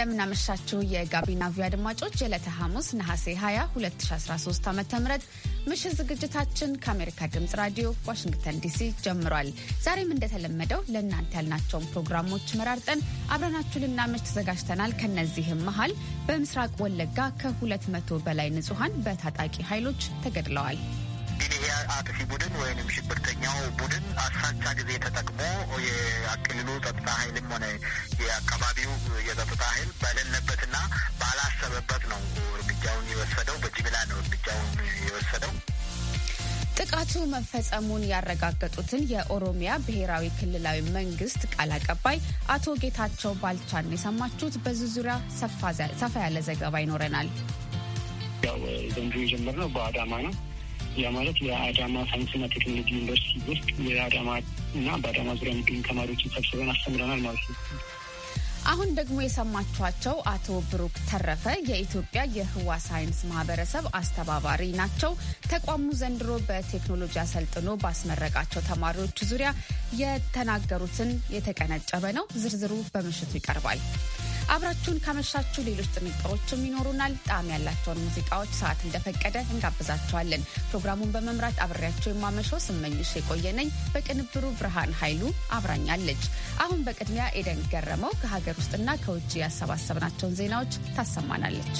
እንደምናመሻችሁ የጋቢና ቪ አድማጮች የዕለተ ሐሙስ ነሐሴ 20 2013 ዓ ም ምሽት ዝግጅታችን ከአሜሪካ ድምፅ ራዲዮ ዋሽንግተን ዲሲ ጀምሯል። ዛሬም እንደተለመደው ለእናንተ ያልናቸውን ፕሮግራሞች መራርጠን አብረናችሁ ልናመሽ ተዘጋጅተናል። ከነዚህም መሀል በምስራቅ ወለጋ ከ200 በላይ ንጹሐን በታጣቂ ኃይሎች ተገድለዋል። እንግዲህ አጥፊ ቡድን ወይም ሽብርተኛው ቡድን አስራቻ ጊዜ ተጠቅሞ የክልሉ ጸጥታ ኃይልም ሆነ የአካባቢው የጸጥታ ኃይል በሌለበትና ባላሰበበት ነው እርምጃውን የወሰደው። በጅምላ ነው እርምጃውን የወሰደው። ጥቃቱ መፈጸሙን ያረጋገጡትን የኦሮሚያ ብሔራዊ ክልላዊ መንግስት ቃል አቀባይ አቶ ጌታቸው ባልቻን የሰማችሁት። በዚህ ዙሪያ ሰፋ ያለ ዘገባ ይኖረናል። ያው ዘንድሮ የጀመርነው በአዳማ ነው። ያ ማለት የአዳማ ሳይንስና ቴክኖሎጂ ዩኒቨርሲቲ ውስጥ የአዳማ እና በአዳማ ዙሪያ የሚገኙ ተማሪዎችን ሰብስበን አስተምረናል ማለት ነው። አሁን ደግሞ የሰማችኋቸው አቶ ብሩክ ተረፈ የኢትዮጵያ የህዋ ሳይንስ ማህበረሰብ አስተባባሪ ናቸው። ተቋሙ ዘንድሮ በቴክኖሎጂ አሰልጥኖ ባስመረቃቸው ተማሪዎች ዙሪያ የተናገሩትን የተቀነጨበ ነው። ዝርዝሩ በምሽቱ ይቀርባል። አብራችሁን ካመሻችሁ ሌሎች ጥንቅሮችም ይኖሩናል። ጣዕም ያላቸውን ሙዚቃዎች ሰዓት እንደፈቀደ እንጋብዛችኋለን። ፕሮግራሙን በመምራት አብሬያቸው የማመሸው ስመኝሽ የቆየነኝ፣ በቅንብሩ ብርሃን ኃይሉ አብራኛለች። አሁን በቅድሚያ ኤደን ገረመው ከሀገር ውስጥና ከውጭ ያሰባሰብናቸውን ዜናዎች ታሰማናለች።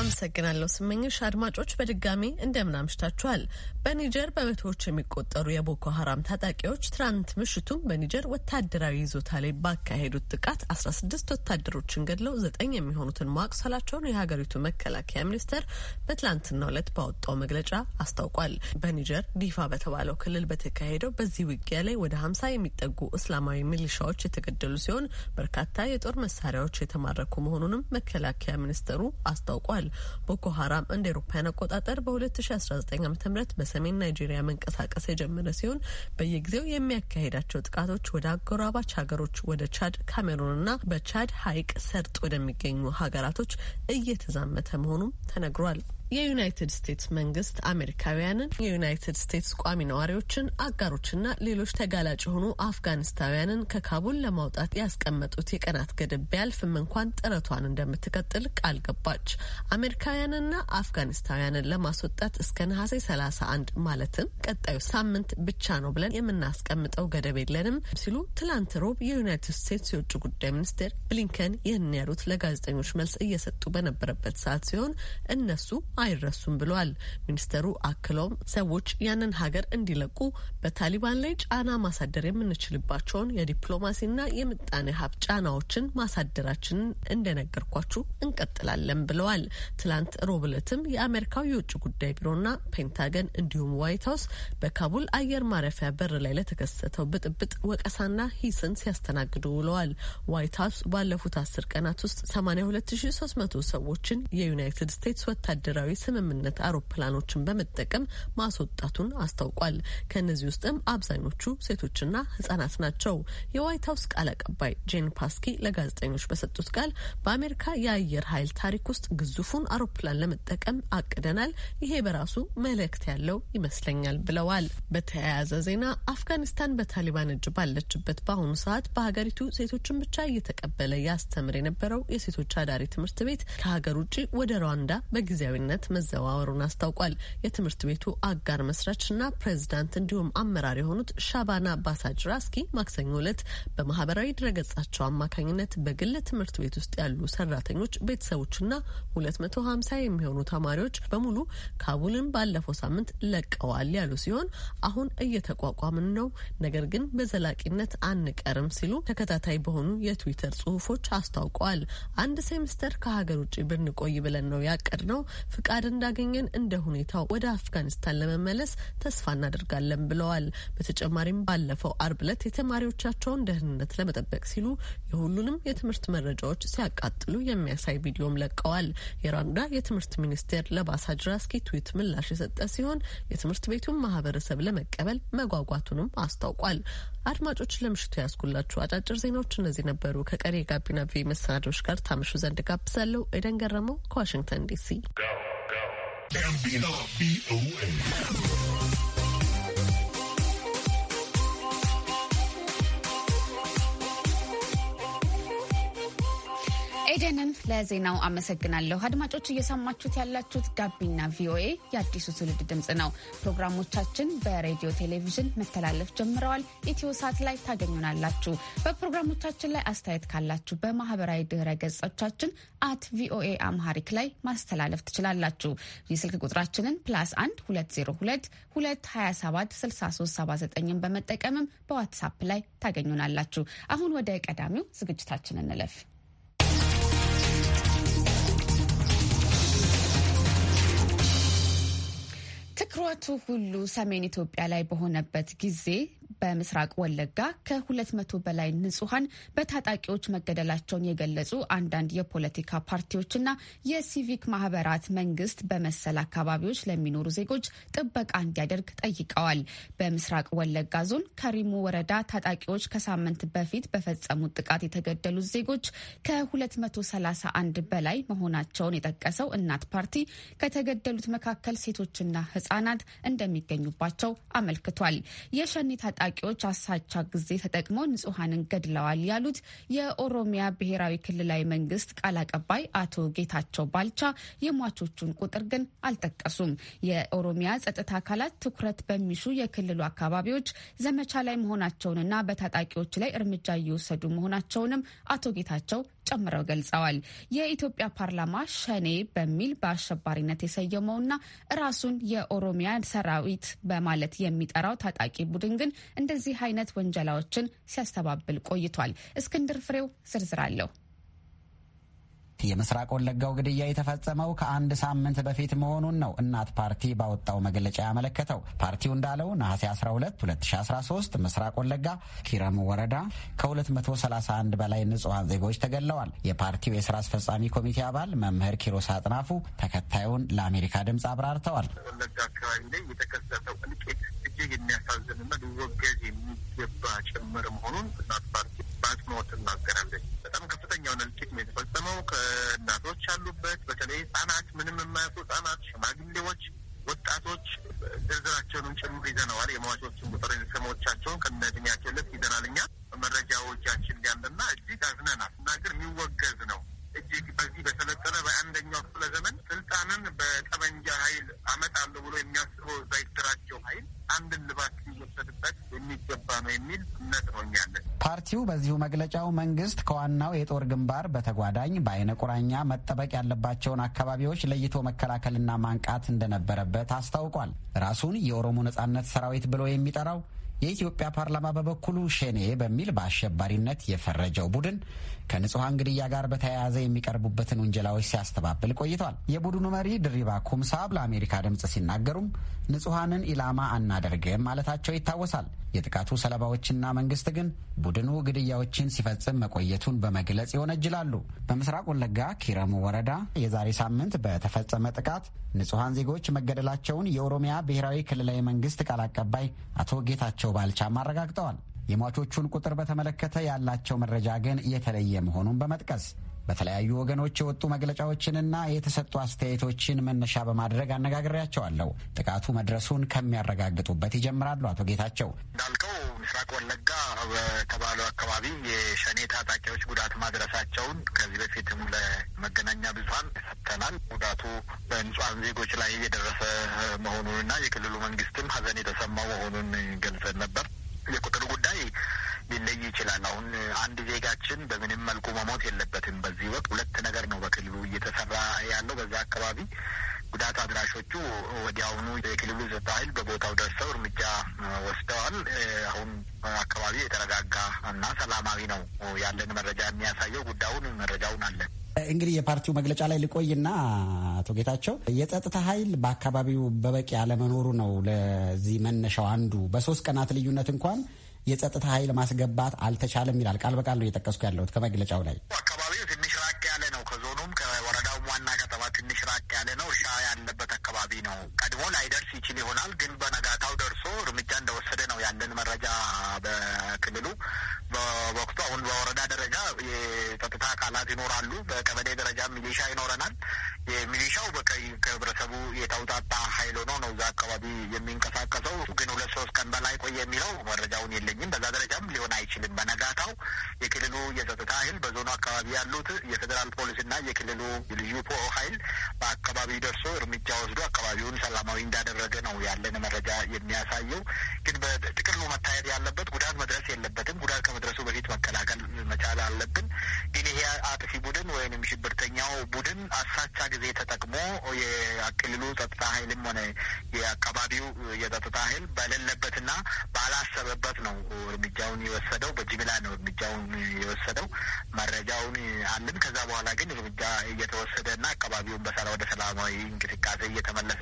አመሰግናለሁ ስመኝሽ። አድማጮች በድጋሚ እንደምን አምሽታችኋል። በኒጀር በመቶዎች የሚቆጠሩ የቦኮ ሀራም ታጣቂዎች ትናንት ምሽቱም በኒጀር ወታደራዊ ይዞታ ላይ ባካሄዱት ጥቃት 16 ወታደሮችን ገድለው ዘጠኝ የሚሆኑትን ማቁሰላቸውን የሀገሪቱ መከላከያ ሚኒስቴር በትላንትናው ዕለት ባወጣው መግለጫ አስታውቋል። በኒጀር ዲፋ በተባለው ክልል በተካሄደው በዚህ ውጊያ ላይ ወደ 50 የሚጠጉ እስላማዊ ሚሊሻዎች የተገደሉ ሲሆን በርካታ የጦር መሳሪያዎች የተማረኩ መሆኑንም መከላከያ ሚኒስቴሩ አስታውቋል። ቦኮ ሀራም እንደ ኤሮፓያን አቆጣጠር በ2019 ዓ ም በሰሜን ናይጄሪያ መንቀሳቀስ የጀመረ ሲሆን በየጊዜው የሚያካሄዳቸው ጥቃቶች ወደ አጎራባች ሀገሮች ወደ ቻድ፣ ካሜሩንና በቻድ ሀይቅ ሰርጥ ወደሚገኙ ሀገራቶች እየተዛመተ መሆኑም ተነግሯል። የዩናይትድ ስቴትስ መንግስት አሜሪካውያንን፣ የዩናይትድ ስቴትስ ቋሚ ነዋሪዎችን፣ አጋሮችና ሌሎች ተጋላጭ የሆኑ አፍጋኒስታውያንን ከካቡል ለማውጣት ያስቀመጡት የቀናት ገደብ ቢያልፍም እንኳን ጥረቷን እንደምትቀጥል ቃል ገባች። አሜሪካውያንና አፍጋኒስታውያንን ለማስወጣት እስከ ነሐሴ 31 ማለትም ቀጣዩ ሳምንት ብቻ ነው ብለን የምናስቀምጠው ገደብ የለንም ሲሉ ትላንት ሮብ የዩናይትድ ስቴትስ የውጭ ጉዳይ ሚኒስቴር ብሊንከን ይህን ያሉት ለጋዜጠኞች መልስ እየሰጡ በነበረበት ሰዓት ሲሆን እነሱ አይረሱም ብለዋል። ሚኒስተሩ አክለውም ሰዎች ያንን ሀገር እንዲለቁ በታሊባን ላይ ጫና ማሳደር የምንችልባቸውን የዲፕሎማሲና የምጣኔ ሀብት ጫናዎችን ማሳደራችንን እንደነገርኳችሁ እንቀጥላለን ብለዋል። ትላንት ሮብ ዕለትም የአሜሪካው የውጭ ጉዳይ ቢሮና ፔንታገን እንዲሁም ዋይት ሀውስ በካቡል አየር ማረፊያ በር ላይ ለተከሰተው ብጥብጥ ወቀሳና ሂስን ሲያስተናግዱ ውለዋል። ዋይት ሀውስ ባለፉት አስር ቀናት ውስጥ 82300 ሰዎችን የዩናይትድ ስቴትስ ወታደራዊ ብሔራዊ ስምምነት አውሮፕላኖችን በመጠቀም ማስወጣቱን አስታውቋል። ከእነዚህ ውስጥም አብዛኞቹ ሴቶችና ህጻናት ናቸው። የዋይት ሀውስ ቃል አቀባይ ጄን ፓስኪ ለጋዜጠኞች በሰጡት ቃል በአሜሪካ የአየር ኃይል ታሪክ ውስጥ ግዙፉን አውሮፕላን ለመጠቀም አቅደናል። ይሄ በራሱ መልእክት ያለው ይመስለኛል ብለዋል። በተያያዘ ዜና አፍጋኒስታን በታሊባን እጅ ባለችበት በአሁኑ ሰዓት በሀገሪቱ ሴቶችን ብቻ እየተቀበለ ያስተምር የነበረው የሴቶች አዳሪ ትምህርት ቤት ከሀገር ውጭ ወደ ሩዋንዳ በጊዜያዊነት ኃላፊነት መዘዋወሩን አስታውቋል። የትምህርት ቤቱ አጋር መስራችና ፕሬዚዳንት እንዲሁም አመራር የሆኑት ሻባና ባሳጅራስኪ ማክሰኞ ለት በማህበራዊ ድረገጻቸው አማካኝነት በግል ትምህርት ቤት ውስጥ ያሉ ሰራተኞች ቤተሰቦችና ሀምሳ የሚሆኑ ተማሪዎች በሙሉ ካቡልን ባለፈው ሳምንት ለቀዋል ያሉ ሲሆን አሁን እየተቋቋምን ነው፣ ነገር ግን በዘላቂነት አንቀርም ሲሉ ተከታታይ በሆኑ የትዊተር ጽሁፎች አስታውቀዋል። አንድ ሴምስተር ከሀገር ውጭ ብንቆይ ብለን ነው ያቀድ ነው። ፍቃድ እንዳገኘን እንደ ሁኔታው ወደ አፍጋኒስታን ለመመለስ ተስፋ እናደርጋለን ብለዋል። በተጨማሪም ባለፈው አርብ ዕለት የተማሪዎቻቸውን ደህንነት ለመጠበቅ ሲሉ የሁሉንም የትምህርት መረጃዎች ሲያቃጥሉ የሚያሳይ ቪዲዮም ለቀዋል። የራንዳ የትምህርት ሚኒስቴር ጅራስኪ ትዊት ምላሽ የሰጠ ሲሆን የትምህርት ቤቱን ማህበረሰብ ለመቀበል መጓጓቱንም አስታውቋል። አድማጮች ለምሽቱ ያስኩላችሁ አጫጭር ዜናዎች እነዚህ ነበሩ። ከቀሪ የጋቢና ቪ መሰናዶች ጋር ታምሹ ዘንድ ጋብዛለሁ። ኤደን ገረመው ከዋሽንግተን ዲሲ Gambino, B-O-A. ኤደንን ለዜናው አመሰግናለሁ። አድማጮች እየሰማችሁት ያላችሁት ጋቢና ቪኦኤ የአዲሱ ትውልድ ድምፅ ነው። ፕሮግራሞቻችን በሬዲዮ ቴሌቪዥን መተላለፍ ጀምረዋል። ኢትዮ ሳት ላይ ታገኙናላችሁ። በፕሮግራሞቻችን ላይ አስተያየት ካላችሁ በማህበራዊ ድህረ ገጾቻችን አት ቪኦኤ አምሃሪክ ላይ ማስተላለፍ ትችላላችሁ። የስልክ ቁጥራችንን ፕላስ 1 202 227 6379 በመጠቀምም በዋትሳፕ ላይ ታገኙናላችሁ። አሁን ወደ ቀዳሚው ዝግጅታችን እንለፍ። ትኩረቱ ሁሉ ሰሜን ኢትዮጵያ ላይ በሆነበት ጊዜ በምስራቅ ወለጋ ከ200 በላይ ንጹሐን በታጣቂዎች መገደላቸውን የገለጹ አንዳንድ የፖለቲካ ፓርቲዎችና የሲቪክ ማህበራት መንግስት በመሰል አካባቢዎች ለሚኖሩ ዜጎች ጥበቃ እንዲያደርግ ጠይቀዋል። በምስራቅ ወለጋ ዞን ከሪሙ ወረዳ ታጣቂዎች ከሳምንት በፊት በፈጸሙት ጥቃት የተገደሉት ዜጎች ከ231 በላይ መሆናቸውን የጠቀሰው እናት ፓርቲ ከተገደሉት መካከል ሴቶችና ህጻናት እንደሚገኙባቸው አመልክቷል። የሸኒ ታጣ ታጣቂዎች አሳቻ ጊዜ ተጠቅመው ንጹሐንን ገድለዋል ያሉት የኦሮሚያ ብሔራዊ ክልላዊ መንግስት ቃል አቀባይ አቶ ጌታቸው ባልቻ የሟቾቹን ቁጥር ግን አልጠቀሱም። የኦሮሚያ ጸጥታ አካላት ትኩረት በሚሹ የክልሉ አካባቢዎች ዘመቻ ላይ መሆናቸውንና በታጣቂዎች ላይ እርምጃ እየወሰዱ መሆናቸውንም አቶ ጌታቸው ጨምረው ገልጸዋል። የኢትዮጵያ ፓርላማ ሸኔ በሚል በአሸባሪነት የሰየመውና ራሱን የኦሮሚያ ሰራዊት በማለት የሚጠራው ታጣቂ ቡድን ግን እንደዚህ አይነት ወንጀላዎችን ሲያስተባብል ቆይቷል። እስክንድር ፍሬው ዝርዝር አለው። የምስራቅ ወለጋው ግድያ የተፈጸመው ከአንድ ሳምንት በፊት መሆኑን ነው እናት ፓርቲ ባወጣው መግለጫ ያመለከተው። ፓርቲው እንዳለው ነሐሴ 12 2013 ምስራቅ ወለጋ ኪረም ወረዳ ከ231 በላይ ንጹሐን ዜጎች ተገለዋል። የፓርቲው የስራ አስፈጻሚ ኮሚቴ አባል መምህር ኪሮስ አጥናፉ ተከታዩን ለአሜሪካ ድምፅ አብራርተዋል። ወለጋ አካባቢ ላይ የተከሰተው እልቂት እጅግ የሚያሳዝንና ሊወገዝ የሚገባ ጭምር መሆኑን እናት ፓርቲ በአጽንኦት እናገራለች። በጣም ከፍተኛ የሆነ እልቂት ነው የተፈጸመው። ከእናቶች አሉበት። በተለይ ህጻናት፣ ምንም የማያውቁ ህጻናት፣ ሽማግሌዎች፣ ወጣቶች ዝርዝራቸውንም ጭምር ይዘነዋል። የሟቾችን ቁጥር ስሞቻቸውን ከነድኛቸው ዕድሜያቸው ልክ ይዘናል። እኛ መረጃዎቻችን ሊያለና እጅግ አዝነናል። እና ግን የሚወገዝ ነው እጅግ በዚህ በሰለጠነ በአንደኛው ክፍለ ዘመን ስልጣንን በጠመንጃ ኃይል አመጣለሁ ብሎ የሚያስበው እዛ ይድራቸው ኃይል አንድን ልባት ሊወሰድበት የሚገባ ነው የሚል እምነት ነው ያለን። ፓርቲው በዚሁ መግለጫው መንግስት ከዋናው የጦር ግንባር በተጓዳኝ በአይነ ቁራኛ መጠበቅ ያለባቸውን አካባቢዎች ለይቶ መከላከልና ማንቃት እንደነበረበት አስታውቋል። ራሱን የኦሮሞ ነጻነት ሰራዊት ብሎ የሚጠራው የኢትዮጵያ ፓርላማ በበኩሉ ሸኔ በሚል በአሸባሪነት የፈረጀው ቡድን ከንጹሐን ግድያ ጋር በተያያዘ የሚቀርቡበትን ውንጀላዎች ሲያስተባብል ቆይቷል። የቡድኑ መሪ ድሪባ ኩምሳብ ለአሜሪካ ድምፅ ሲናገሩም ንጹሐንን ኢላማ አናደርግም ማለታቸው ይታወሳል። የጥቃቱ ሰለባዎችና መንግስት ግን ቡድኑ ግድያዎችን ሲፈጽም መቆየቱን በመግለጽ ይወነጅላሉ። በምስራቅ ወለጋ ኪረሙ ወረዳ የዛሬ ሳምንት በተፈጸመ ጥቃት ንጹሐን ዜጎች መገደላቸውን የኦሮሚያ ብሔራዊ ክልላዊ መንግስት ቃል አቀባይ አቶ ጌታቸው ባልቻም አረጋግጠዋል። የሟቾቹን ቁጥር በተመለከተ ያላቸው መረጃ ግን የተለየ መሆኑን በመጥቀስ በተለያዩ ወገኖች የወጡ መግለጫዎችንና የተሰጡ አስተያየቶችን መነሻ በማድረግ አነጋግሬያቸዋለሁ። ጥቃቱ መድረሱን ከሚያረጋግጡበት ይጀምራሉ። አቶ ጌታቸው እንዳልከው ምስራቅ ወለጋ በተባለው አካባቢ የሸኔ ታጣቂዎች ጉዳት ማድረሳቸውን ከዚህ በፊትም ለመገናኛ ብዙኃን ሰጥተናል። ጉዳቱ በንጹሐን ዜጎች ላይ የደረሰ መሆኑንና የክልሉ መንግስትም ሀዘን የተሰማው መሆኑን ገልጸን ነበር። የቁጥር ጉዳይ ይችላል። አሁን አንድ ዜጋችን በምንም መልኩ መሞት የለበትም። በዚህ ወቅት ሁለት ነገር ነው በክልሉ እየተሰራ ያለው። በዛ አካባቢ ጉዳት አድራሾቹ ወዲያውኑ የክልሉ ጸጥታ ኃይል በቦታው ደርሰው እርምጃ ወስደዋል። አሁን አካባቢ የተረጋጋ እና ሰላማዊ ነው ያለን መረጃ የሚያሳየው። ጉዳዩን መረጃውን አለን። እንግዲህ የፓርቲው መግለጫ ላይ ልቆይና አቶ ጌታቸው የጸጥታ ኃይል በአካባቢው በበቂ አለመኖሩ ነው ለዚህ መነሻው አንዱ በሶስት ቀናት ልዩነት እንኳን የጸጥታ ኃይል ማስገባት አልተቻለም ይላል። ቃል በቃል ነው እየጠቀስኩ ያለሁት ከመግለጫው ላይ። አካባቢው ትንሽ ራቅ ያለ ነው። ከዞኑም ከወረዳውም ዋና ከተማ ትንሽ ራቅ ያለ ነው። እርሻ ያለበት አካባቢ ነው። ቀድሞ ላይደርስ ይችል ይሆናል፣ ግን በነጋታው ደርሶ እርምጃ እንደወሰደ ነው ያለን መረጃ በክልሉ በወቅቱ አሁን በወረዳ ደረጃ የጸጥታ አካላት ይኖራሉ። በቀበሌ ደረጃ ሚሊሻ ይኖረናል። የሚሊሻው በቀይ ከህብረተሰቡ የተውጣጣ ሀይል ሆኖ ነው እዛ አካባቢ የሚንቀሳቀሰው። ግን ሁለት ሶስት ቀን በላይ ቆየ የሚለው መረጃውን የለኝም። በዛ ደረጃም ሊሆን አይችልም። በነጋታው የክልሉ የጸጥታ ኃይል በዞኑ አካባቢ ያሉት የፌዴራል ፖሊስና የክልሉ ልዩ ፖ ኃይል ደርሶ እርምጃ ወስዶ አካባቢውን ሰላማዊ እንዳደረገ ነው ያለን መረጃ የሚያሳየው። ግን በጥቅሉ መታየት ያለበት ጉዳት መድረስ የለበትም። ጉዳት ከመድረሱ በፊት መከላከል መቻል አለብን። ይሄ አጥፊ ቡድን ወይንም ሽብርተኛው ቡድን አሳቻ ጊዜ ተጠቅሞ የክልሉ ጸጥታ ኃይልም ሆነ የአካባቢው የጸጥታ ኃይል በሌለበትና ባላሰበበት ነው እርምጃውን የወሰደው። በጅምላ ነው እርምጃውን የወሰደው። መረጃውን አለን። ከዛ በኋላ ግን እርምጃ እየተወሰደና አካባቢውን በሰላ ወደ ሰላማዊ እንቅስቃሴ እየተመለሰ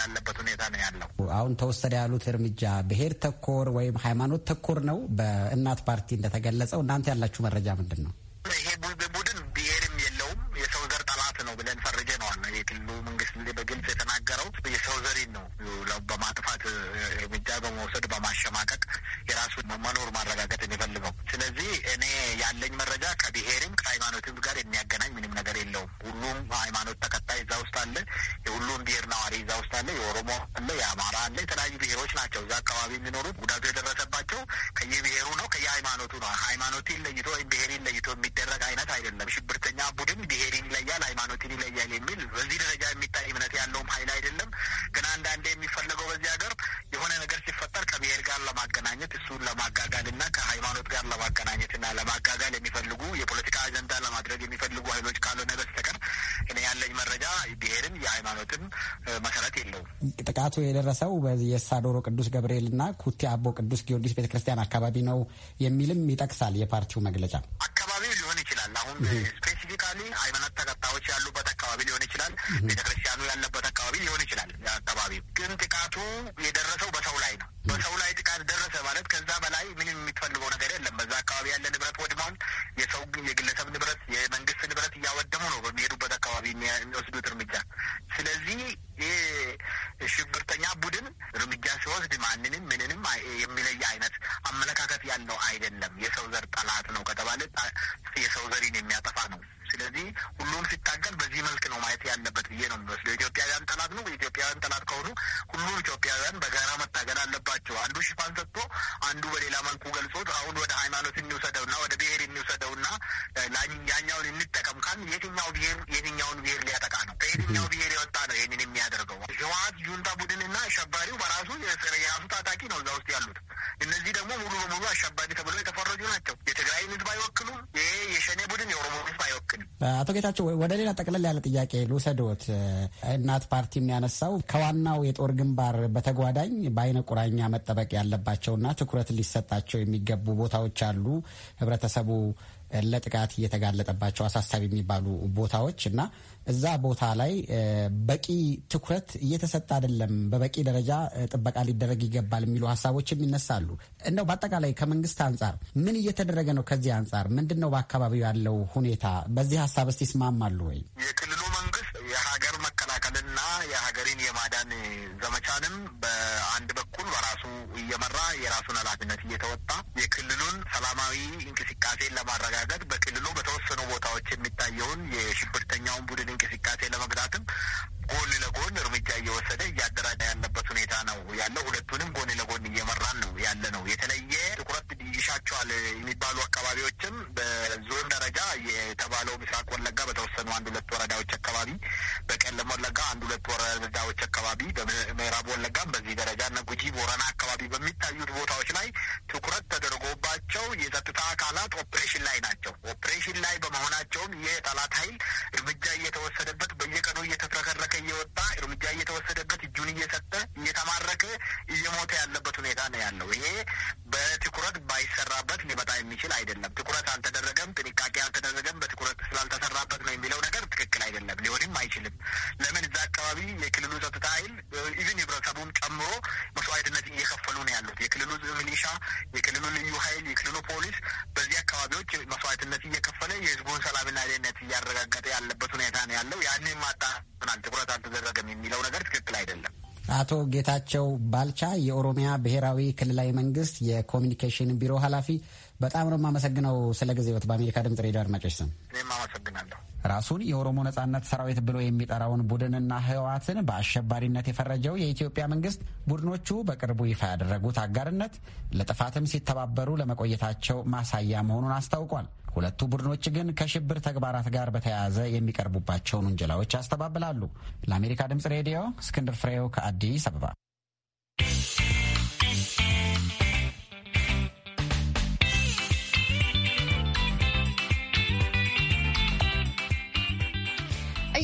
ያለበት ሁኔታ ነው ያለው። አሁን ተወሰደ ያሉት እርምጃ ብሄር ተኮር ወይም ሃይማኖት ተኮር ነው በእናት ፓርቲ እንደተገለጸው። እናንተ ያላችሁ መረጃ ምንድን ነው? ይሄ ቡድን ብሄርም የለውም የሰው ዘር ጠላት ነው ብለን ፈርጀ ነዋል። የክልሉ መንግስት በግልጽ የተናገረው የሰው ዘሪን ነው በማጥፋት እርምጃ በመውሰድ በማሸማቀቅ የራሱ መኖር ማረጋገጥ የሚፈልገው። ስለዚህ እኔ ያለኝ መረጃ ከብሄርም ከሃይማኖትም ጋር የሚያገናኝ ምንም ነገር የለውም። ሁሉም ሃይማኖት ተከታይ እዛ ውስጥ አለ። የሁሉም ብሄር ነዋሪ እዛ ውስጥ አለ። የኦሮሞ አለ፣ የአማራ አለ። የተለያዩ ብሄሮች ናቸው እዛ አካባቢ የሚኖሩት። ጉዳቱ የደረሰባቸው ከየብሄሩ እንደየሃይማኖቱ ነው። ሃይማኖትን ለይቶ ወይም ብሔርን ለይቶ የሚደረግ አይነት አይደለም። ሽብርተኛ ቡድን ብሔርን ይለያል፣ ሃይማኖትን ይለያል የሚል በዚህ ደረጃ የሚታይ እምነት ያለውም ሀይል አይደለም። ግን አንዳንዴ የሚፈለገው በዚህ ሀገር የሆነ ነገር ሲፈጠር ከብሔር ጋር ለማገናኘት እሱን ለማጋጋል እና ከሃይማኖት ጋር ለማገናኘት እና ለማጋጋል የሚፈልጉ የፖለቲካ አጀንዳ ለማድረግ የሚፈልጉ ሀይሎች ካልሆነ በስተቀር ባለኝ መረጃ ብሔርም የሃይማኖትም መሰረት የለውም። ጥቃቱ የደረሰው የሳዶሮ ቅዱስ ገብርኤልና ኩቴ አቦ ቅዱስ ጊዮርጊስ ቤተክርስቲያን አካባቢ ነው የሚልም ይጠቅሳል የፓርቲው መግለጫ። አካባቢው ሊሆን ይችላል አሁን ስፔሲፊካሊ ሃይማኖት ተከታዮች ያሉበት አካባቢ ሊሆን ይችላል። ቤተክርስቲያኑ ያለበት አካባቢ ሊሆን ይችላል። አካባቢ ግን ጥቃቱ የደረሰው በሰው ላይ ነው። በሰው ላይ ጥቃት ደረሰ ማለት ከዛ በላይ ምንም የሚትፈልገው ነገር የለም። በዛ አካባቢ ያለ ንብረት ወድሟል። የሰው የግለሰብ ንብረት፣ የመንግስት ንብረት እያወደሙ ነው በሚሄዱበት አካባቢ የሚወስዱት እርምጃ። ስለዚህ ይህ ሽብርተኛ ቡድን እርምጃ ሲወስድ ማንንም ምንንም የሚለይ አይነት አመለካከት ያለው አይደለም። የሰው ዘር ጠላት ነው ከተባለ የሰው ዘሪን የሚያጠፋ ነው። ስለዚህ ሁሉም ሲታገል በዚህ መልክ ነው ማየት ያለበት ብዬ ነው የሚመስለው። ኢትዮጵያውያን ጠላት ነው። ኢትዮጵያውያን ጠላት ከሆኑ ሁሉም ኢትዮጵያውያን በጋራ መታገል አለባቸው። አንዱ ሽፋን ሰጥቶ አንዱ በሌላ መልኩ ገልጾት አሁን ወደ ሃይማኖት የሚወሰደውና ወደ ብሔር የሚወሰደውና ያኛውን እንጠቀም ካን የትኛው ብሔር የትኛውን ብሄር ሊያጠቃ ነው? ከየትኛው ብሄር የወጣ ነው ይህንን የሚያደርገው? ህወሓት ጁንታ ቡድንና አሸባሪው በራሱ የራሱ ታጣቂ ነው እዛ ውስጥ ያሉት። እነዚህ ደግሞ ሙሉ በሙሉ አቶ ጌታቸው ወደ ሌላ ጠቅለል ያለ ጥያቄ ልውሰዶት። እናት ፓርቲ የሚያነሳው ከዋናው የጦር ግንባር በተጓዳኝ በአይነ ቁራኛ መጠበቅ ያለባቸውና ትኩረት ሊሰጣቸው የሚገቡ ቦታዎች አሉ፣ ህብረተሰቡ ለጥቃት እየተጋለጠባቸው አሳሳቢ የሚባሉ ቦታዎች እና እዛ ቦታ ላይ በቂ ትኩረት እየተሰጠ አይደለም፣ በበቂ ደረጃ ጥበቃ ሊደረግ ይገባል የሚሉ ሀሳቦችም ይነሳሉ። እንደው በአጠቃላይ ከመንግስት አንጻር ምን እየተደረገ ነው? ከዚህ አንጻር ምንድን ነው በአካባቢው ያለው ሁኔታ? በዚህ ሀሳብ እስቲ ይስማማሉ ወይ? የክልሉ መንግስት የሀገር መከላከልና የሀገርን የማዳን ዘመቻንም በአንድ በኩል በራሱ እየመራ የራሱን ኃላፊነት እየተወጣ የክልሉን ሰላማዊ እንቅስቃሴን ለማረጋገጥ በክልሉ በተወሰኑ ቦታዎች የሚታየውን የሽብርተኛውን ቡድን እንቅስቃሴ ለመግዛትም ጎን ለጎን እርምጃ እየወሰደ እያደራጃ ያለበት ሁኔታ ነው ያለው። ሁለቱንም ጎን ለጎን እየመራን ነው ያለ ነው። የተለየ ትኩረት ይሻቸዋል የሚባሉ አካባቢዎችም በዞን ደረጃ የተባለው ምስራቅ ወለጋ በተወሰኑ አንድ ሁለት ወረዳዎች አካባቢ፣ በቀለም ወለጋ አንድ ሁለት ወረዳዎች አካባቢ፣ በምዕራብ ወለጋም በዚህ ደረጃ እና ጉጂ ቦረና አካባቢ በሚታዩት ቦታ የጸጥታ አካላት ኦፕሬሽን ላይ ናቸው። ኦፕሬሽን ላይ በመሆናቸውም ይህ የጠላት ኃይል እርምጃ እየተወሰደበት በየቀኑ እየተፍረከረከ እየወጣ እርምጃ እየተወሰደበት እጁን እየሰጠ እየተማረከ እየሞተ ያለበት ሁኔታ ነው ያለው። ይሄ በትኩረት ባይሰራበት ሊመጣ የሚችል አይደለም። ትኩረት አልተደረገም፣ ጥንቃቄ አልተደረገም። በትኩረት ስላልተሰ ትክክል አይደለም፣ ሊሆንም አይችልም። ለምን እዛ አካባቢ የክልሉ ጸጥታ ኃይል ኢቭን ህብረተሰቡን ጨምሮ መስዋዕትነት እየከፈሉ ነው ያሉት። የክልሉ ሚሊሻ፣ የክልሉ ልዩ ኃይል፣ የክልሉ ፖሊስ በዚህ አካባቢዎች መስዋዕትነት እየከፈለ የህዝቡን ሰላምና ደህንነት እያረጋገጠ ያለበት ሁኔታ ነው ያለው። ያንን ማጣናል ትኩረት አልተደረገም የሚለው ነገር ትክክል አይደለም። አቶ ጌታቸው ባልቻ የኦሮሚያ ብሔራዊ ክልላዊ መንግስት የኮሚኒኬሽን ቢሮ ኃላፊ፣ በጣም ነው የማመሰግነው ስለ ጊዜዎት በአሜሪካ ድምጽ ሬዲዮ አድማጮች ስም እኔም አመሰግናለሁ። ራሱን የኦሮሞ ነጻነት ሰራዊት ብሎ የሚጠራውን ቡድንና ህወሓትን በአሸባሪነት የፈረጀው የኢትዮጵያ መንግስት ቡድኖቹ በቅርቡ ይፋ ያደረጉት አጋርነት ለጥፋትም ሲተባበሩ ለመቆየታቸው ማሳያ መሆኑን አስታውቋል። ሁለቱ ቡድኖች ግን ከሽብር ተግባራት ጋር በተያያዘ የሚቀርቡባቸውን ውንጀላዎች ያስተባብላሉ። ለአሜሪካ ድምጽ ሬዲዮ እስክንድር ፍሬው ከአዲስ አበባ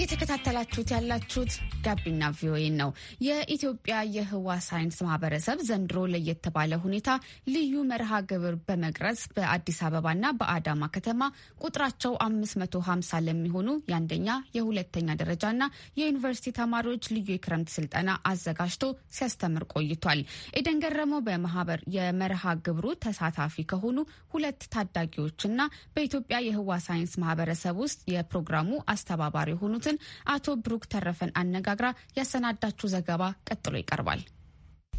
እየተከታተላችሁት ያላችሁት ጋቢና ቪኦኤን ነው። የኢትዮጵያ የህዋ ሳይንስ ማህበረሰብ ዘንድሮ ለየት ባለ ሁኔታ ልዩ መርሃ ግብር በመቅረጽ በአዲስ አበባና በአዳማ ከተማ ቁጥራቸው 550 ለሚሆኑ የአንደኛ የሁለተኛ ደረጃና የዩኒቨርሲቲ ተማሪዎች ልዩ የክረምት ስልጠና አዘጋጅቶ ሲያስተምር ቆይቷል። ኤደን ገረመው በማህበር የመርሃ ግብሩ ተሳታፊ ከሆኑ ሁለት ታዳጊዎችና በኢትዮጵያ የህዋ ሳይንስ ማህበረሰብ ውስጥ የፕሮግራሙ አስተባባሪ የሆኑትን አቶ ብሩክ ተረፈን አነጋ ተሻግራ ያሰናዳችው ዘገባ ቀጥሎ ይቀርባል።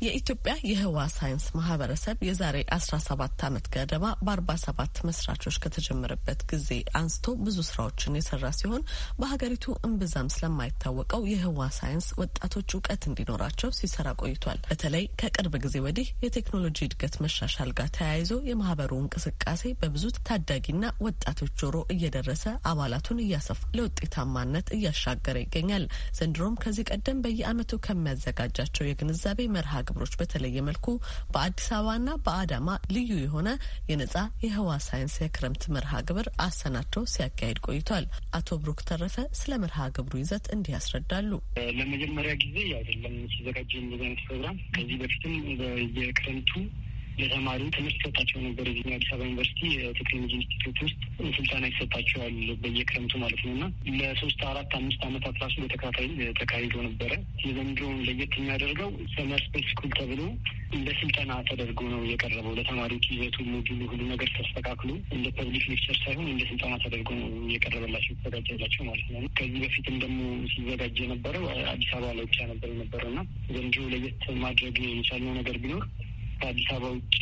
የኢትዮጵያ የህዋ ሳይንስ ማህበረሰብ የዛሬ 17 ዓመት ገደማ በ47 መስራቾች ከተጀመረበት ጊዜ አንስቶ ብዙ ስራዎችን የሰራ ሲሆን በሀገሪቱ እምብዛም ስለማይታወቀው የህዋ ሳይንስ ወጣቶች እውቀት እንዲኖራቸው ሲሰራ ቆይቷል። በተለይ ከቅርብ ጊዜ ወዲህ የቴክኖሎጂ እድገት መሻሻል ጋር ተያይዞ የማህበሩ እንቅስቃሴ በብዙ ታዳጊና ወጣቶች ጆሮ እየደረሰ አባላቱን እያሰፋ ለውጤታማነት እያሻገረ ይገኛል። ዘንድሮም ከዚህ ቀደም በየአመቱ ከሚያዘጋጃቸው የግንዛቤ መርሃግ ክብሮች በተለየ መልኩ በአዲስ አበባና በአዳማ ልዩ የሆነ የነጻ የህዋ ሳይንስ የክረምት መርሃ ግብር አሰናድቶ ሲያካሂድ ቆይቷል። አቶ ብሩክ ተረፈ ስለ መርሃ ግብሩ ይዘት እንዲህ ያስረዳሉ። ለመጀመሪያ ጊዜ አይደለም ሲዘጋጀ እንደዚህ ፕሮግራም ከዚህ በፊትም የክረምቱ ለተማሪ ትምህርት ይሰጣቸው ነበር። የዚህ አዲስ አበባ ዩኒቨርሲቲ የቴክኖሎጂ ኢንስቲትዩት ውስጥ ስልጠና ይሰጣቸዋል በየክረምቱ ማለት ነው እና ለሶስት አራት አምስት አመታት ራሱ በተከታታይ ተካሂዶ ነበረ። የዘንድሮውን ለየት የሚያደርገው ሰመር ስፔስ ስኩል ተብሎ እንደ ስልጠና ተደርጎ ነው የቀረበው ለተማሪዎች። ይዘቱ ሞዲሉ፣ ሁሉ ነገር ተስተካክሎ እንደ ፐብሊክ ሌክቸር ሳይሆን እንደ ስልጠና ተደርጎ ነው የቀረበላቸው የተዘጋጀላቸው ማለት ነው። ከዚህ በፊትም ደግሞ ሲዘጋጅ የነበረው አዲስ አበባ ላይ ብቻ ነበር የነበረው እና ዘንድሮ ለየት ማድረግ የቻልነው ነገር ቢኖር ከአዲስ አበባ ውጭ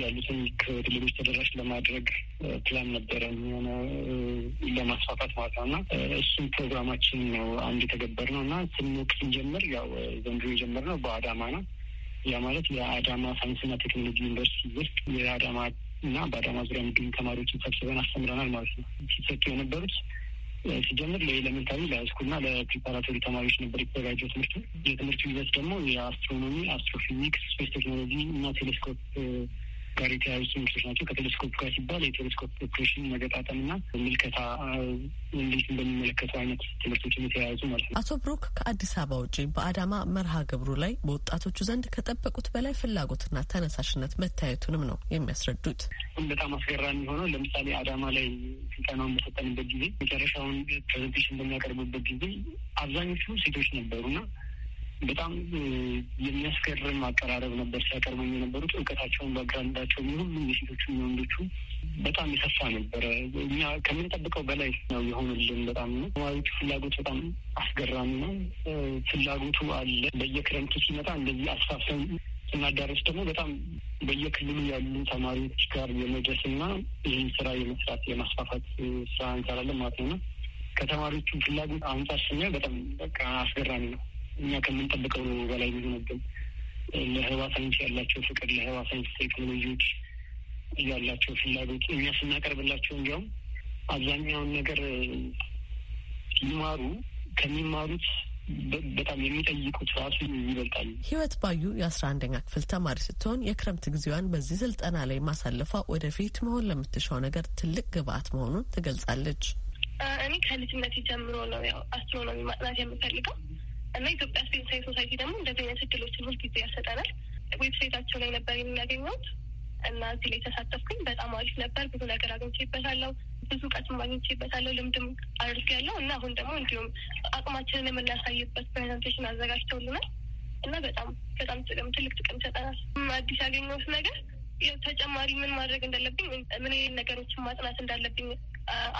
ያሉትን ክልሎች ተደራሽ ለማድረግ ፕላን ነበረ የሆነ ለማስፋፋት ማለት ነው እና እሱም ፕሮግራማችን ነው አንድ የተገበር ነው እና ስንወቅ ስንጀምር ያው ዘንድሮ ነው በአዳማ ነው። ያ ማለት የአዳማ ሳይንስና ቴክኖሎጂ ዩኒቨርሲቲ ውስጥ የአዳማ እና በአዳማ ዙሪያ የሚገኙ ተማሪዎችን ሰብስበን አስተምረናል ማለት ነው ሲሰጡ የነበሩት ሲጀምር ለኤሌመንታሪ ለሃይስኩልና ለፕሪፓራቶሪ ተማሪዎች ነበር የተዘጋጀው ትምህርቱ። የትምህርቱ ይዘት ደግሞ የአስትሮኖሚ፣ አስትሮፊዚክስ፣ ስፔስ ቴክኖሎጂ እና ቴሌስኮፕ ጋር የተያዙ ትምህርቶች ናቸው። ከቴሌስኮፕ ጋር ሲባል የቴሌስኮፕ ኦፕሬሽን መገጣጠምና ምልከታ እንዴት እንደሚመለከተው አይነት ትምህርቶች የተያያዙ ማለት ነው። አቶ ብሩክ ከአዲስ አበባ ውጪ በአዳማ መርሃ ግብሩ ላይ በወጣቶቹ ዘንድ ከጠበቁት በላይ ፍላጎትና ተነሳሽነት መታየቱንም ነው የሚያስረዱት። በጣም አስገራሚ የሆነው ለምሳሌ አዳማ ላይ ስልጠናውን በሰጠንበት ጊዜ መጨረሻውን ፕሬዘንቴሽን በሚያቀርቡበት ጊዜ አብዛኞቹ ሴቶች ነበሩና በጣም የሚያስገርም አቀራረብ ነበር ሲያቀርቡኝ የነበሩት። እውቀታቸውን ባግራንዳቸውን የሁሉም የሴቶቹ የወንዶቹ በጣም የሰፋ ነበረ። እኛ ከምንጠብቀው በላይ ነው የሆኑልን። በጣም ነው ተማሪዎቹ ፍላጎት በጣም አስገራሚ ነው። ፍላጎቱ አለ። በየክረምቱ ሲመጣ እንደዚህ አስፋፍተን ስናዳረስ ደግሞ በጣም በየክልሉ ያሉ ተማሪዎች ጋር የመድረስ የመድረስና ይህን ስራ የመስራት የማስፋፋት ስራ እንሰራለን ማለት ነው። ከተማሪዎቹ ፍላጎት አንጻር ስናየው በጣም በቃ አስገራሚ ነው። እኛ ከምንጠብቀው በላይ ብዙ ለህዋ ሳይንስ ያላቸው ፍቅር፣ ለህዋ ሳይንስ ቴክኖሎጂዎች ያላቸው ፍላጎት እኛ ስናቀርብላቸው እንዲያውም አብዛኛውን ነገር ይማሩ ከሚማሩት በጣም የሚጠይቁት ራሱ ይበልጣሉ። ህይወት ባዩ የአስራ አንደኛ ክፍል ተማሪ ስትሆን የክረምት ጊዜዋን በዚህ ስልጠና ላይ ማሳለፏ ወደፊት መሆን ለምትሻው ነገር ትልቅ ግብአት መሆኑን ትገልጻለች። እኔ ከልጅነት ጀምሮ ነው ያው አስትሮኖሚ ማጥናት የምፈልገው እና ኢትዮጵያ ሲቪል ሶሳይቲ ደግሞ እንደዚህ አይነት እድሎችን ሁልጊዜ ያሰጠናል። ዌብሳይታቸው ላይ ነበር የምናገኘውት እና እዚህ ላይ ተሳተፍኩኝ። በጣም አሪፍ ነበር። ብዙ ነገር አግኝቼበታለሁ። ብዙ እውቀትም አግኝቼበታለሁ። ልምድም አድርጌያለሁ እና አሁን ደግሞ እንዲሁም አቅማችንን የምናሳይበት ፕሬዘንቴሽን አዘጋጅተውልናል እና በጣም በጣም ጥቅም ትልቅ ጥቅም ይሰጠናል። አዲስ ያገኘሁት ነገር ተጨማሪ ምን ማድረግ እንዳለብኝ ምን ነገሮችን ማጥናት እንዳለብኝ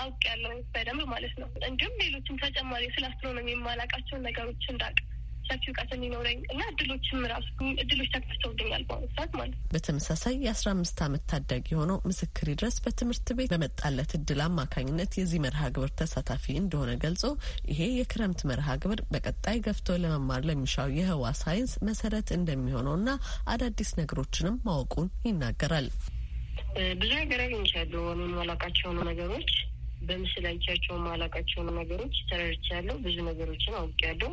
አውቅ ያለው በደንብ ማለት ነው። እንዲሁም ሌሎችም ተጨማሪ ስለ አስትሮኖሚ የማላቃቸውን ነገሮች እንዳቅ ሰፊ እውቀት እንዲኖረኝ እና እድሎችም ራሱ እድሎች ተከፍተውልኛል በአሁኑ ሰዓት ማለት ነው። በተመሳሳይ የአስራ አምስት አመት ታዳጊ የሆነው ምስክር ድረስ በትምህርት ቤት በመጣለት እድል አማካኝነት የዚህ መርሃ ግብር ተሳታፊ እንደሆነ ገልጾ ይሄ የክረምት መርሃ ግብር በቀጣይ ገፍቶ ለመማር ለሚሻው የህዋ ሳይንስ መሰረት እንደሚሆነው እንደሚሆነውና አዳዲስ ነገሮችንም ማወቁን ይናገራል። ብዙ ነገር አግኝቻለሁ። እኔም አላቃቸውን ነገሮች በምስል አይቻቸውም አላቃቸውን ነገሮች ተረድቻለሁ። ብዙ ነገሮችን አውቄያለሁ።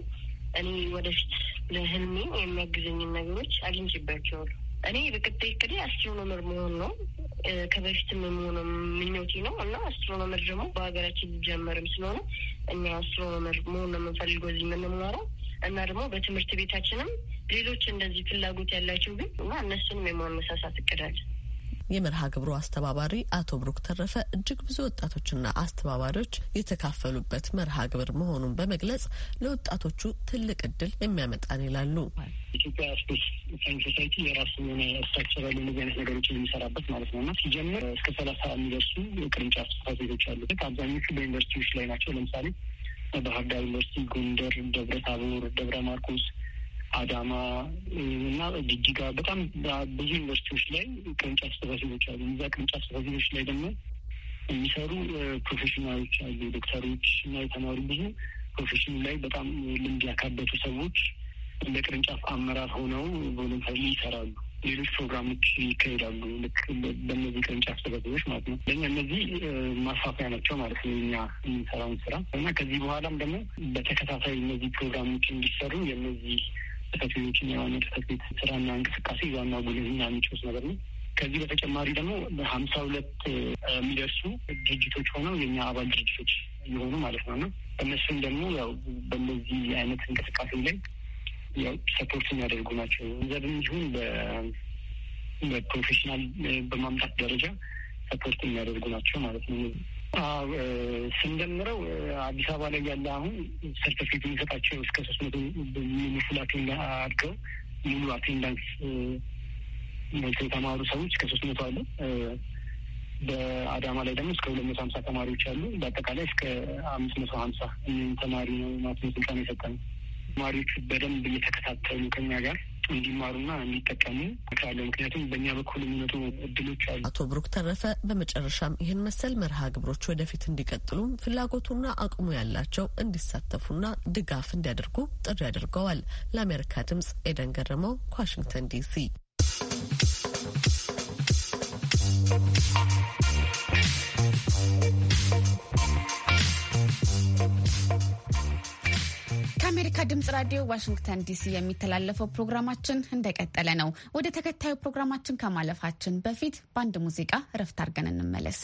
እኔ ወደፊት ለህልሜ የሚያግዘኝን ነገሮች አግኝቼባቸዋለሁ። እኔ በቀጣይ ቅዴ አስትሮኖመር መሆን ነው። ከበፊትም የሚሆነ ምኞቴ ነው እና አስትሮኖመር ደግሞ በሀገራችን ሊጀመርም ስለሆነ እኛ አስትሮኖመር መሆን ነው የምንፈልገው እዚህ የምንማረው እና ደግሞ በትምህርት ቤታችንም ሌሎች እንደዚህ ፍላጎት ያላቸው ግን እና እነሱንም የማነሳሳት እቅዳለን። የመርሃ ግብሩ አስተባባሪ አቶ ብሩክ ተረፈ እጅግ ብዙ ወጣቶችና አስተባባሪዎች የተካፈሉበት መርሃ ግብር መሆኑን በመግለጽ ለወጣቶቹ ትልቅ እድል የሚያመጣን ይላሉ። ኢትዮጵያ ስፔስ ሳይንስ ሶሳይቲ የራሱ የሆነ ስትራክቸራል እንደዚህ አይነት ነገሮችን የሚሰራበት ማለት ነው እና ሲጀምር እስከ ሰላሳ የሚደርሱ ቅርንጫፍ ጽሕፈት ቤቶች አሉበት። አብዛኞቹ በዩኒቨርሲቲዎች ላይ ናቸው። ለምሳሌ በባህር ዳር ዩኒቨርሲቲ፣ ጎንደር፣ ደብረ ታቦር፣ ደብረ ማርቆስ አዳማ እና ጅጅጋ በጣም ብዙ ዩኒቨርሲቲዎች ላይ ቅርንጫፍ ጽሕፈቶች አሉ። እዛ ቅርንጫፍ ጽሕፈቶች ላይ ደግሞ የሚሰሩ ፕሮፌሽናሎች አሉ። ዶክተሮች እና የተማሩ ብዙ ፕሮፌሽን ላይ በጣም ልምድ ያካበቱ ሰዎች እንደ ቅርንጫፍ አመራር ሆነው ቮለንተሪ ይሰራሉ። ሌሎች ፕሮግራሞች ይካሄዳሉ። ልክ በእነዚህ ቅርንጫፍ ጽሕፈቶች ማለት ነው። ለእኛ እነዚህ ማስፋፊያ ናቸው ማለት ነው እኛ የምንሰራውን ስራ እና ከዚህ በኋላም ደግሞ በተከታታይ እነዚህ ፕሮግራሞች እንዲሰሩ የነዚህ ጽህፈት ቤቶችን የማግኘት ቤት ስራና እንቅስቃሴ ዋና ጉልህኛ የሚጭስ ነገር ነው። ከዚህ በተጨማሪ ደግሞ በሀምሳ ሁለት የሚደርሱ ድርጅቶች ሆነው የኛ አባል ድርጅቶች የሆኑ ማለት ነው ነው እነሱም ደግሞ ያው በእነዚህ አይነት እንቅስቃሴ ላይ ያው ሰፖርት የሚያደርጉ ናቸው። ዘብም ይሁን በፕሮፌሽናል በማምጣት ደረጃ ሰፖርት የሚያደርጉ ናቸው ማለት ነው። ስንጀምረው አዲስ አበባ ላይ ያለ አሁን ሰርተፊኬት የሚሰጣቸው እስከ ሶስት መቶ በሚመስል አክሊል አድገው ሙሉ አቴንዳንስ መልሶ የተማሩ ሰዎች እስከ ሶስት መቶ አሉ። በአዳማ ላይ ደግሞ እስከ ሁለት መቶ ሀምሳ ተማሪዎች አሉ። በአጠቃላይ እስከ አምስት መቶ ሀምሳ ተማሪ ነው ማለት ነው የሰጠ ነው። ተማሪዎቹ በደንብ እየተከታተሉ ከኛ ጋር እንዲማሩና እንዲጠቀሙ ካለ ምክንያቱም በእኛ በኩል የሚመጡ እድሎች አሉ። አቶ ብሩክ ተረፈ በመጨረሻም ይህን መሰል መርሃ ግብሮች ወደፊት እንዲቀጥሉም ፍላጎቱና አቅሙ ያላቸው እንዲሳተፉና ድጋፍ እንዲያደርጉ ጥሪ አድርገዋል። ለአሜሪካ ድምጽ ኤደን ገረመው ከዋሽንግተን ዲሲ ራዲዮ ዋሽንግተን ዲሲ የሚተላለፈው ፕሮግራማችን እንደቀጠለ ነው። ወደ ተከታዩ ፕሮግራማችን ከማለፋችን በፊት በአንድ ሙዚቃ እረፍት አድርገን እንመለስ።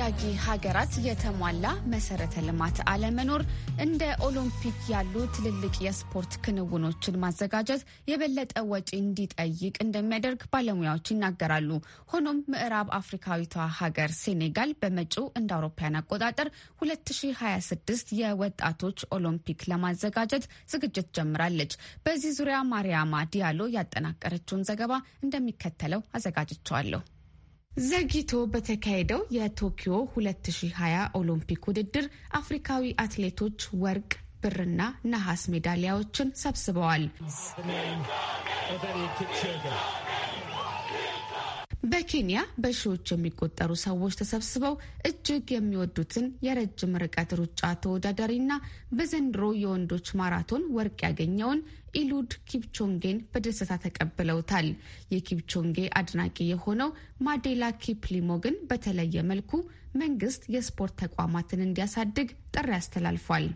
ታዳጊ ሀገራት የተሟላ መሰረተ ልማት አለመኖር እንደ ኦሎምፒክ ያሉ ትልልቅ የስፖርት ክንውኖችን ማዘጋጀት የበለጠ ወጪ እንዲጠይቅ እንደሚያደርግ ባለሙያዎች ይናገራሉ። ሆኖም ምዕራብ አፍሪካዊቷ ሀገር ሴኔጋል በመጪው እንደ አውሮፓውያን አቆጣጠር 2026 የወጣቶች ኦሎምፒክ ለማዘጋጀት ዝግጅት ጀምራለች። በዚህ ዙሪያ ማሪያማ ዲያሎ ያጠናቀረችውን ዘገባ እንደሚከተለው አዘጋጅቸዋለሁ። ዘግይቶ በተካሄደው የቶኪዮ 2020 ኦሎምፒክ ውድድር አፍሪካዊ አትሌቶች ወርቅ፣ ብርና ነሐስ ሜዳሊያዎችን ሰብስበዋል። በኬንያ በሺዎች የሚቆጠሩ ሰዎች ተሰብስበው እጅግ የሚወዱትን የረጅም ርቀት ሩጫ ተወዳዳሪና በዘንድሮ የወንዶች ማራቶን ወርቅ ያገኘውን ኢሉድ ኪፕቾንጌን በደስታ ተቀብለውታል። የኪፕቾንጌ አድናቂ የሆነው ማዴላ ኪፕሊሞ ግን በተለየ መልኩ መንግስት የስፖርት ተቋማትን እንዲያሳድግ ጥሪ አስተላልፏል።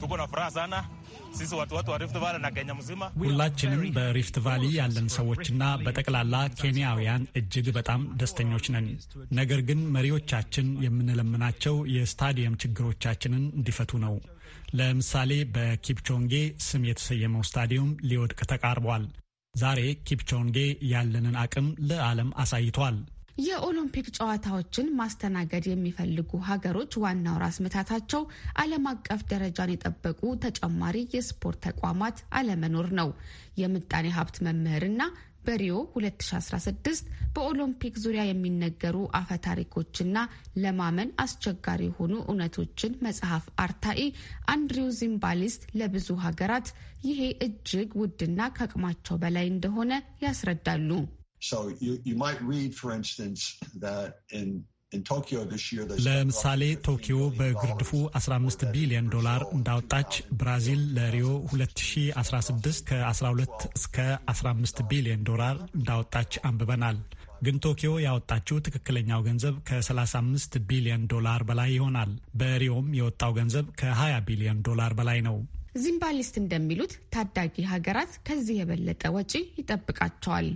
tuko na furaha sana sisi watu watu wa Rift Valley na Kenya mzima ሁላችንም በሪፍት ቫሊ ያለን ሰዎችና በጠቅላላ ኬንያውያን እጅግ በጣም ደስተኞች ነን። ነገር ግን መሪዎቻችን የምንለምናቸው የስታዲየም ችግሮቻችንን እንዲፈቱ ነው። ለምሳሌ በኪፕቾንጌ ስም የተሰየመው ስታዲየም ሊወድቅ ተቃርቧል። ዛሬ ኪፕቾንጌ ያለንን አቅም ለዓለም አሳይቷል። የኦሎምፒክ ጨዋታዎችን ማስተናገድ የሚፈልጉ ሀገሮች ዋናው ራስ ምታታቸው ዓለም አቀፍ ደረጃን የጠበቁ ተጨማሪ የስፖርት ተቋማት አለመኖር ነው። የምጣኔ ሀብት መምህርና በሪዮ 2016 በኦሎምፒክ ዙሪያ የሚነገሩ አፈታሪኮችና ለማመን አስቸጋሪ የሆኑ እውነቶችን መጽሐፍ አርታኢ አንድሪው ዚምባሊስት ለብዙ ሀገራት ይሄ እጅግ ውድና ከአቅማቸው በላይ እንደሆነ ያስረዳሉ። ለምሳሌ ቶኪዮ በግርድፉ 15 ቢሊዮን ዶላር እንዳወጣች ብራዚል ለሪዮ 2016 ከ12 እስከ 15 ቢሊዮን ዶላር እንዳወጣች አንብበናል። ግን ቶኪዮ ያወጣችው ትክክለኛው ገንዘብ ከ35 ቢሊዮን ዶላር በላይ ይሆናል። በሪዮም የወጣው ገንዘብ ከ20 ቢሊዮን ዶላር በላይ ነው። ዚምባሊስት እንደሚሉት ታዳጊ ሀገራት ከዚህ የበለጠ ወጪ ይጠብቃቸዋል።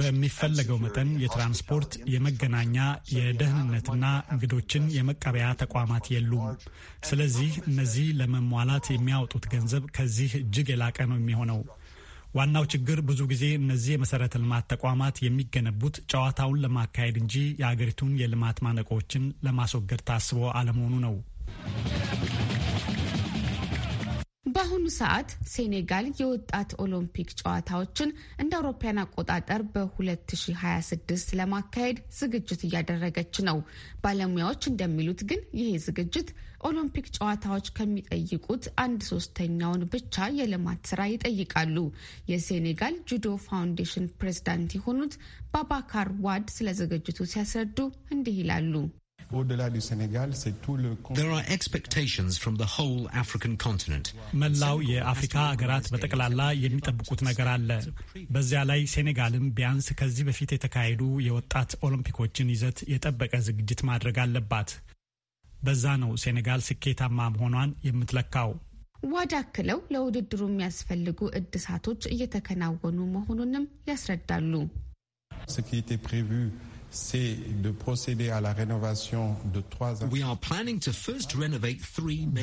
በሚፈለገው መጠን የትራንስፖርት፣ የመገናኛ፣ የደህንነትና እንግዶችን የመቀበያ ተቋማት የሉም። ስለዚህ እነዚህ ለመሟላት የሚያወጡት ገንዘብ ከዚህ እጅግ የላቀ ነው የሚሆነው። ዋናው ችግር ብዙ ጊዜ እነዚህ የመሰረተ ልማት ተቋማት የሚገነቡት ጨዋታውን ለማካሄድ እንጂ የአገሪቱን የልማት ማነቆዎችን ለማስወገድ ታስቦ አለመሆኑ ነው። በአሁኑ ሰዓት ሴኔጋል የወጣት ኦሎምፒክ ጨዋታዎችን እንደ አውሮፓያን አቆጣጠር በ2026 ለማካሄድ ዝግጅት እያደረገች ነው። ባለሙያዎች እንደሚሉት ግን ይሄ ዝግጅት ኦሎምፒክ ጨዋታዎች ከሚጠይቁት አንድ ሶስተኛውን ብቻ የልማት ስራ ይጠይቃሉ። የሴኔጋል ጁዶ ፋውንዴሽን ፕሬዝዳንት የሆኑት ባባካር ዋድ ስለ ዝግጅቱ ሲያስረዱ እንዲህ ይላሉ። There are expectations from the whole African continent. መላው የአፍሪካ ሀገራት በጠቅላላ የሚጠብቁት ነገር አለ። በዚያ ላይ ሴኔጋልም ቢያንስ ከዚህ በፊት የተካሄዱ የወጣት ኦሎምፒኮችን ይዘት የጠበቀ ዝግጅት ማድረግ አለባት። በዛ ነው ሴኔጋል ስኬታማ መሆኗን የምትለካው። ዋዳ አክለው ለውድድሩ የሚያስፈልጉ እድሳቶች እየተከናወኑ መሆኑንም ያስረዳሉ።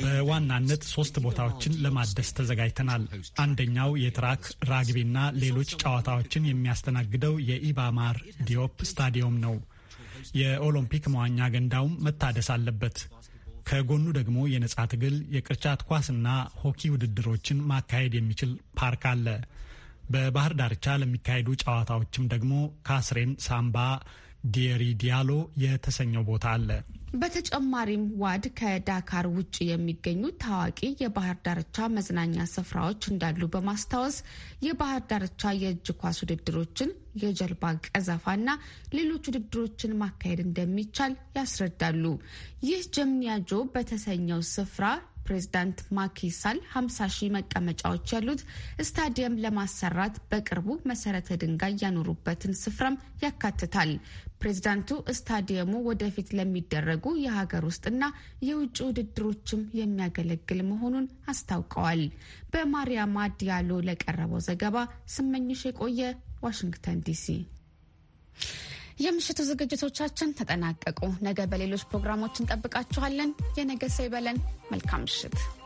በዋናነት ሶስት ቦታዎችን ለማደስ ተዘጋጅተናል። አንደኛው የትራክ ራግቢና ሌሎች ጨዋታዎችን የሚያስተናግደው የኢባማር ዲዮፕ ስታዲየም ነው። የኦሎምፒክ መዋኛ ገንዳውም መታደስ አለበት። ከጎኑ ደግሞ የነጻ ትግል፣ የቅርጫት ኳስና ሆኪ ውድድሮችን ማካሄድ የሚችል ፓርክ አለ። በባህር ዳርቻ ለሚካሄዱ ጨዋታዎችም ደግሞ ካስሬን ሳምባ ዲየሪ ዲያሎ የተሰኘው ቦታ አለ። በተጨማሪም ዋድ ከዳካር ውጭ የሚገኙ ታዋቂ የባህር ዳርቻ መዝናኛ ስፍራዎች እንዳሉ በማስታወስ የባህር ዳርቻ የእጅ ኳስ ውድድሮችን፣ የጀልባ ቀዘፋና ሌሎች ውድድሮችን ማካሄድ እንደሚቻል ያስረዳሉ። ይህ ጀምኒያጆ በተሰኘው ስፍራ ፕሬዚዳንት ማኪሳል ሳል 50 ሺህ መቀመጫዎች ያሉት ስታዲየም ለማሰራት በቅርቡ መሰረተ ድንጋይ ያኖሩበትን ስፍራም ያካትታል። ፕሬዚዳንቱ ስታዲየሙ ወደፊት ለሚደረጉ የሀገር ውስጥና የውጭ ውድድሮችም የሚያገለግል መሆኑን አስታውቀዋል። በማሪያማ ዲያሎ ለቀረበው ዘገባ ስመኝሽ የቆየ ዋሽንግተን ዲሲ። የምሽቱ ዝግጅቶቻችን ተጠናቀቁ። ነገ በሌሎች ፕሮግራሞች እንጠብቃችኋለን። የነገ ሰው ይበለን። መልካም ምሽት።